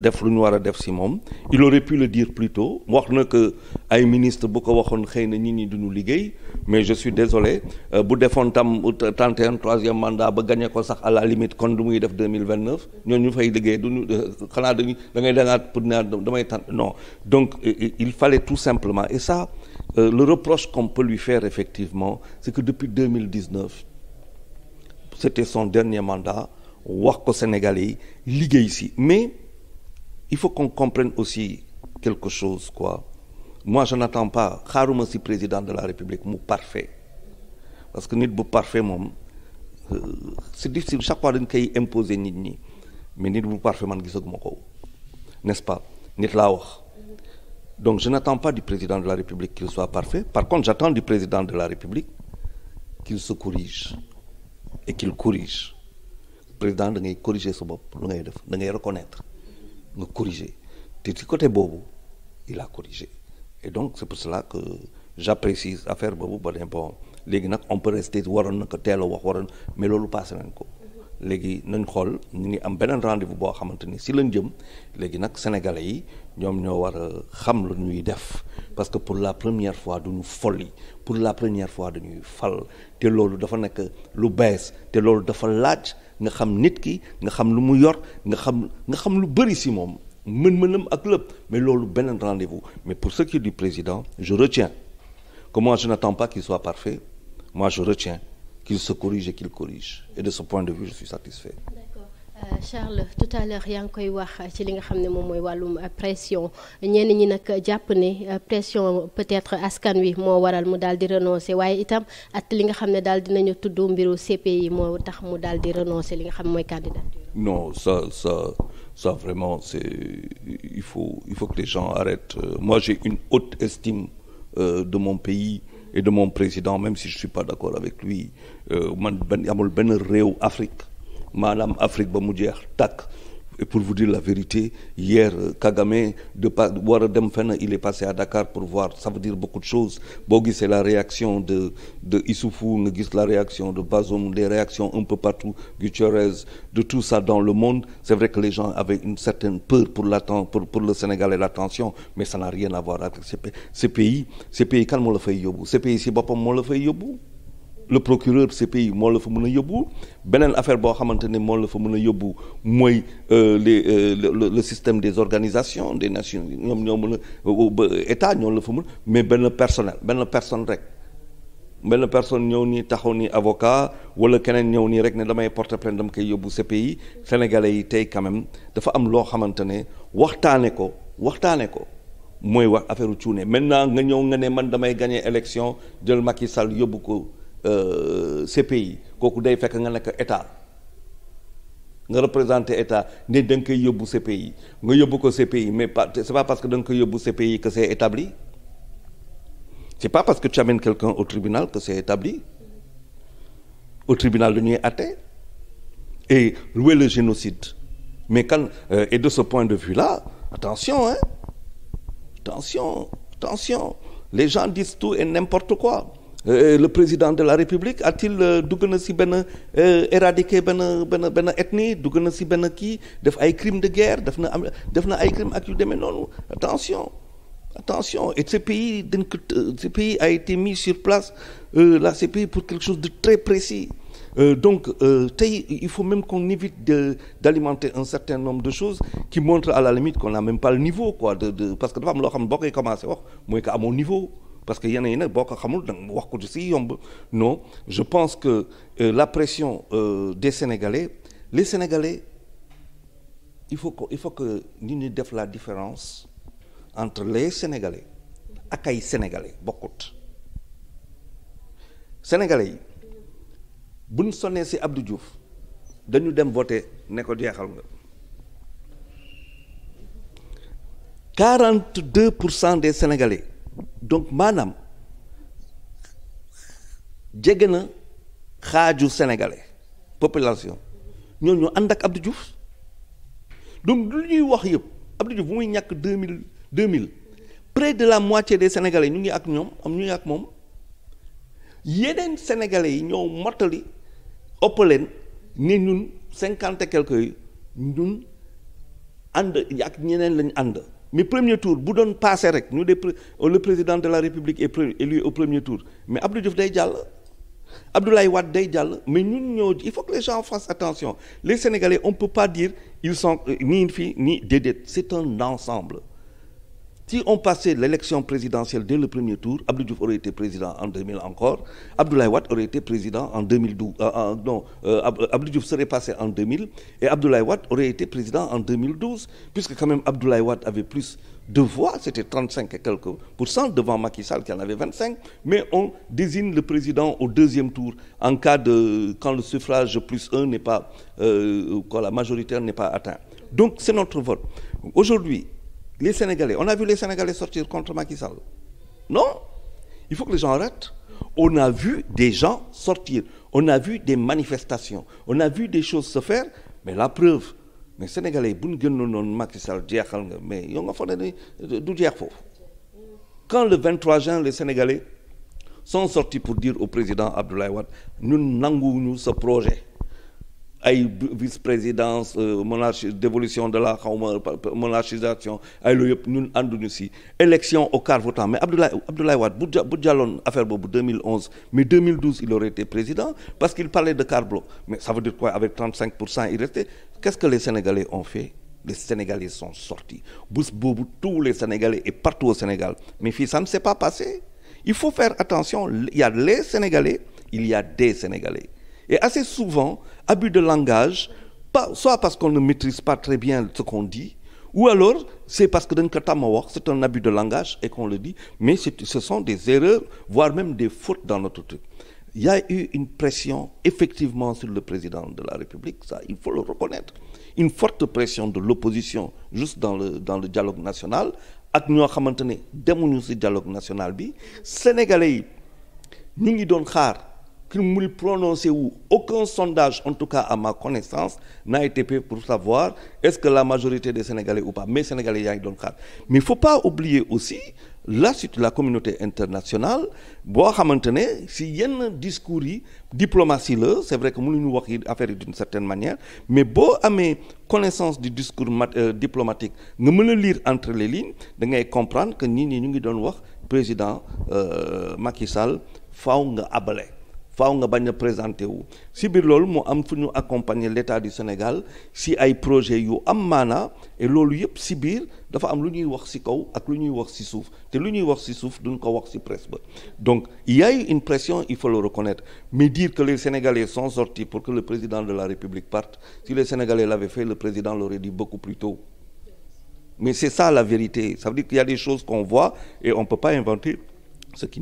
def lu ñu war a def si moom il aurait pu le dire plus wax na que ay ministre bu ko waxoon xëy na nit ñi duñu liggéey mais je suis désolé euh, bu defoon tam trente et troisième mandat ba gagné ko sax à la limite kon du muy def deux mille vingt neuf ñooñu ñu fay liggéey duñu euh, xanaa dañuy da ngay dangaat pour naa damay tant non donc euh, il fallait tout simplement et ça le reproche qu'on peut lui faire effectivement c'est que depuis deux mille dix neuf c'était son dernier mandat wax ko Sénégalais yi liggéey si mais il faut qu'on comprenne aussi quelque chose quoi moi je n'attends pas xaaruma si président de la république mu parfait parce que nit bu parfait moom euh, c'est difficile chaque fois dañ koy imposer nit ñi mais nit bu parfait man gisaguma ko n'est-ce pas nit laa wax donc je n'attends pas du président de la république qu'il soit parfait par contre j'attends du président de la république qu'il se corrige et qu'il corrige président da nga corriger sa bopp lu ngay def da ngay reconnaître nga corriger te ci côté boobu il a corrigé et donc c'est pour cela que j'apprécie affaire boobu ba ne bon léegi nag on peut rester waroon na ko teel a wax waroon mais loolu passé nañ ko léegi nañ xool ñu ngi am beneen rendez-vous boo xamante ni si lañ jëm léegi nag sénégalais yi ñoom ñoo war a xam lu ñuy def parce que pour la première fois duñu folli pour la première fois dañuy fal te loolu dafa nekk lu bees te loolu dafa laaj nga xam nit ki nga xam lu mu yor nga xam nga xam lu bëri si moom mën-mënam ak lépp mais loolu beneen rendez-vous mais pour ce qui est du président je retiens que moi je n'attends pas qu'il soit parfait moi je retiens qu'il se corrige et qu'il corrige et de ce point de vue je suis satisfait Euh, Charles tout yaa ngi koy wax ci li nga xam ne moom mooy wàllum euh, pression ñenn ñi nag jàpp ne euh, pression peut-être askan wi moo waral mu daal di renoncer waaye itam at li nga xam ne daal dinañu tudd mbiru CPI moo tax mu daal di renoncer li nga xam ne mooy candidature. non ça ça ça vraiment c'est il faut il faut que les gens arrêtent moi j'ai une haute estime de mon pays. et de mon président même si je suis pas d'accord avec lui man benn réew Afrique. maanaam Afrique ba mu jeex tàkk pour vous dire la vérité hier euh, Kagame de war a dem fenn il est passé à Dakar pour voir ça veut dire beaucoup de choses boo gisee la réaction de de Issoufou nga gis la réaction de Bazoum des réactions un peu partout Guterres de tout ça dans le monde c'est vrai que les gens avaient une certaine peur pour la le Sénégal et la tension mais ça n'a rien à voir avec ces pays ces pays kan moo la fay yóbbu ces pays si boppam moo la fay yóbbu le procureur ces pays moo la fa mun a yóbbu beneen affaire boo xamante ne moo la fa mën a yóbbu mooy euh, les euh, le le système des organisations des nations ñoom ñoo mën a euh, état ñoo la fa mun mais benn personnel benn personne rek benn personne ñëw nii taxaw nii avocat wala keneen ñëw nii rek ne damay porte plainte dama koy yóbbu ces pays sénégalais yi tey quand dafa am loo xamante ne waxtaane ko waxtaane ko mooy wax affaire u cuune maintenant nga ñëw nga ne man damay gagner élection jël Macky Sall yóbbu ko Euh, CPI kooku day fekk nga nekk état nga représenté état ne da nga koy yóbbu CPI nga yóbbu ko CPI mais pas c'est pas parce que da nga koy yóbbu CPI que c'est établi c'est pas parce que tu amènes quelqu'un au tribunal que c'est établi au tribunal dañuy àtte et louer le génocide mais quand euh, et de ce point de vue-là attention hein attention attention les gens disent tout et n'importe quoi Euh, euh, le président de la république a-t-il euh, dugg na si benn éradiquer benn benn benn ethnie dugg na si benn kii def ay crimes de guerre def na am def na ay crimes ak yu demee noonu attention attention et ce pays dañ ko ce pays a été mis sur place là ce pays pour quelque chose de très précis donc tey il faut même qu'on évite d'alimenter un certain nombre de choses qui montrent à la limite qu'on n'a même pas le niveau quoi parce que dafa am loo xam ne boo koy commencé wax mooy que amoo niveau parce que yenn yi nag boo ko xamul da wax ku du si yomb non je pense que euh, la pression euh, des Sénégalais les Sénégalais il faut que il faut que nit ñi def la différence entre le Sénégalais ak ay Sénégalais bokkut Sénégalais yi bu ñu sonnee si Abdou Diouf dañu dem voter ne ko jeexal nga 42 pour cent des Sénégalais. donc maanaam jege na xaaju sénégalais population ñoo ñoo ànd ak Abdou Diouf donc lu ñuy wax yëpp Abdou Diouf bu muy ñàkk deux mille deux mille près de la moitié des sénégalais ñu ngi ak ñoom am ñu ngi ak moom yeneen sénégalais yi ñoo mottali ëpp leen ne ñun cinquante et quelques yi ñun ànd ak ñeneen lañu ànd. mais premier tour bu doon passé rek ñu dee euh, le président de la république est élu premier tour mais Abdou Diouf day jàll Abdoulaye Wade day jàll mais ñun ñoo il faut que les gens fassent attention les Sénégalais on peut pas dire ils sont euh, ni une fille ni déedéet c'est un ensemble Si on passait l'élection présidentielle dès le premier tour, Abdou Diouf aurait en 2000 encore, Abdoulaye Wade aurait été président en 2012. Euh, non, euh, Abdou Diouf serait passé en 2000 et Abdoulaye et quelques pourcents devant Macky Sall qui en avait 25, mais on désigne le président au deuxième tour en cas de quand le suffrage plus pas euh, quand la majoritaire n'est pas Donc c'est notre vote. les Sénégalais on a vu les Sénégalais sortir contre Macky Sall non il faut que les gens arrêtent on a vu des gens sortir on a vu des manifestations on a vu des choses se faire mais la preuve mais Sénégalais bu ñu gënoon noonu Macky Sall jeexal nga mais yow nga foog ne euh, du jeex foofu quand le 23 juin les Sénégalais sont sortis pour dire au président Abdoulaye Wade ñun nanguwuñu ce projet ay vice-présidence euh, monarchie dévolution de la xawma monarchisation ay loolu yëpp ñun ànduñu si élection au quart votant mais Abdoulaye Abdoulaye Wade bu bu jàlloon affaire boobu 2011 mais 2012 il aurait été président parce qu'il parlait de quart bloc mais ça veut dire quoi avec 35 pour cent il restait qu'est-ce que les Sénégalais boobu tous les Sénégalais et partout Sénégal mais fii ça ne s'est pas passé il faut faire attention il y a des Sénégalais Et assez souvent, abus de langage, pas, soit parce qu'on ne maîtrise pas très bien ce qu'on dit, ou alors c'est parce que dañ ko tàmm wax c'est un abus de langage et qu'on le dit, mais ce sont des erreurs, voire même des fautes dans notre truc. Il y a eu une pression effectivement sur le président de la République, ça il faut le reconnaître. Une forte pression de l'opposition juste dans le dans le dialogue national ak ñoo xamante ne demuñu ci dialogue national bi sénégalais yi ngi doon xaar. qu'il ne m'ait prononcé ou aucun sondage, en tout cas à ma connaissance, n'a été fait pour savoir est-ce que la majorité de Sénégalais ou pas. Mais Sénégalais, yaa ngi doon xaar mais il faut pas oublier aussi la suite la communauté internationale boo xamante ne si yenn discours yi diplomatie la c'est vrai que mënuñu wax yi affaire yi d'une certaine manière mais boo amee connaissance du discours mat euh, diplomatique nga mën a liir entre les lignes da ngay comprendre que nii ñi ñu ngi doon wax président euh, Macky Sall faaw nga abale. faaw nga bañ a présenté wu si biir loolu mu am fu ñu accompagner l'état du Sénégal si ay projet yu am maanaa et loolu yëpp si biir dafa am lu ñuy wax si kaw ak lu ñuy wax si suuf te lu ñuy wax si suuf duñ ko wax si presse donc il y a eu une pression il faut le reconnaître mais dire que les Sénégalais sont sortis pour que le président de la République parte si les Sénégalais l'avaient fait le président l'aurait dit beaucoup plus tôt mais c'est ça la vérité ça veut dire on ne peut pas inventer ce qui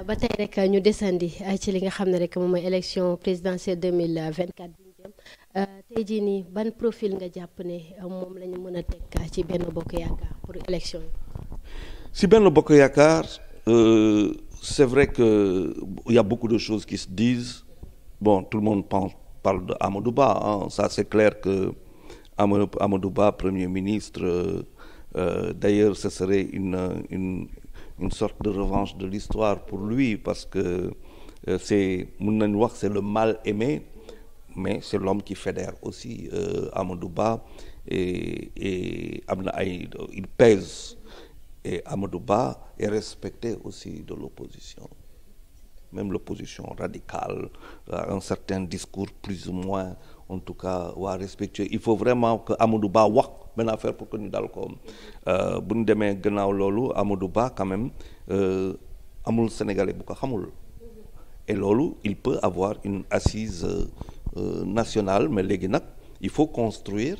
Euh, ba tey rek ñu desandi euh, ci li nga xam ne rek moom mooy élection présidentielle 2024 bi ñu jëm euh, tey jii nii ban profil nga jàpp ne moom lañu mën a teg ci benn bokk yaakaar pour élection yi. si benn bokk yaakaar c'est vrai que il y a beaucoup de choses qui se disent bon tout le monde pense parle de Amadou Ba hein. ça c'est clair que Amadou Amadou Ba premier ministre euh, d'ailleurs ce serait une. une sorte de revanche de l'histoire pour lui parce que euh, c'est mën nañu wax c'est le mal aimé mais c'est l'homme qui fédère aussi euh, Amadou Ba et et am na ay il pèse et Amadou Ba est respecté aussi de l'opposition même l'opposition radicale un certain discours plus ou moins en tout cas waa respecter il faut vraiment que du Ba wax benn affaire pour que ñu dal ko euh, bu ñu demee gannaaw loolu Amadou Ba quand même euh, amul sénégalais bu ko xamul et loolu il peut avoir une assise euh, nationale mais léegi nag il faut construire.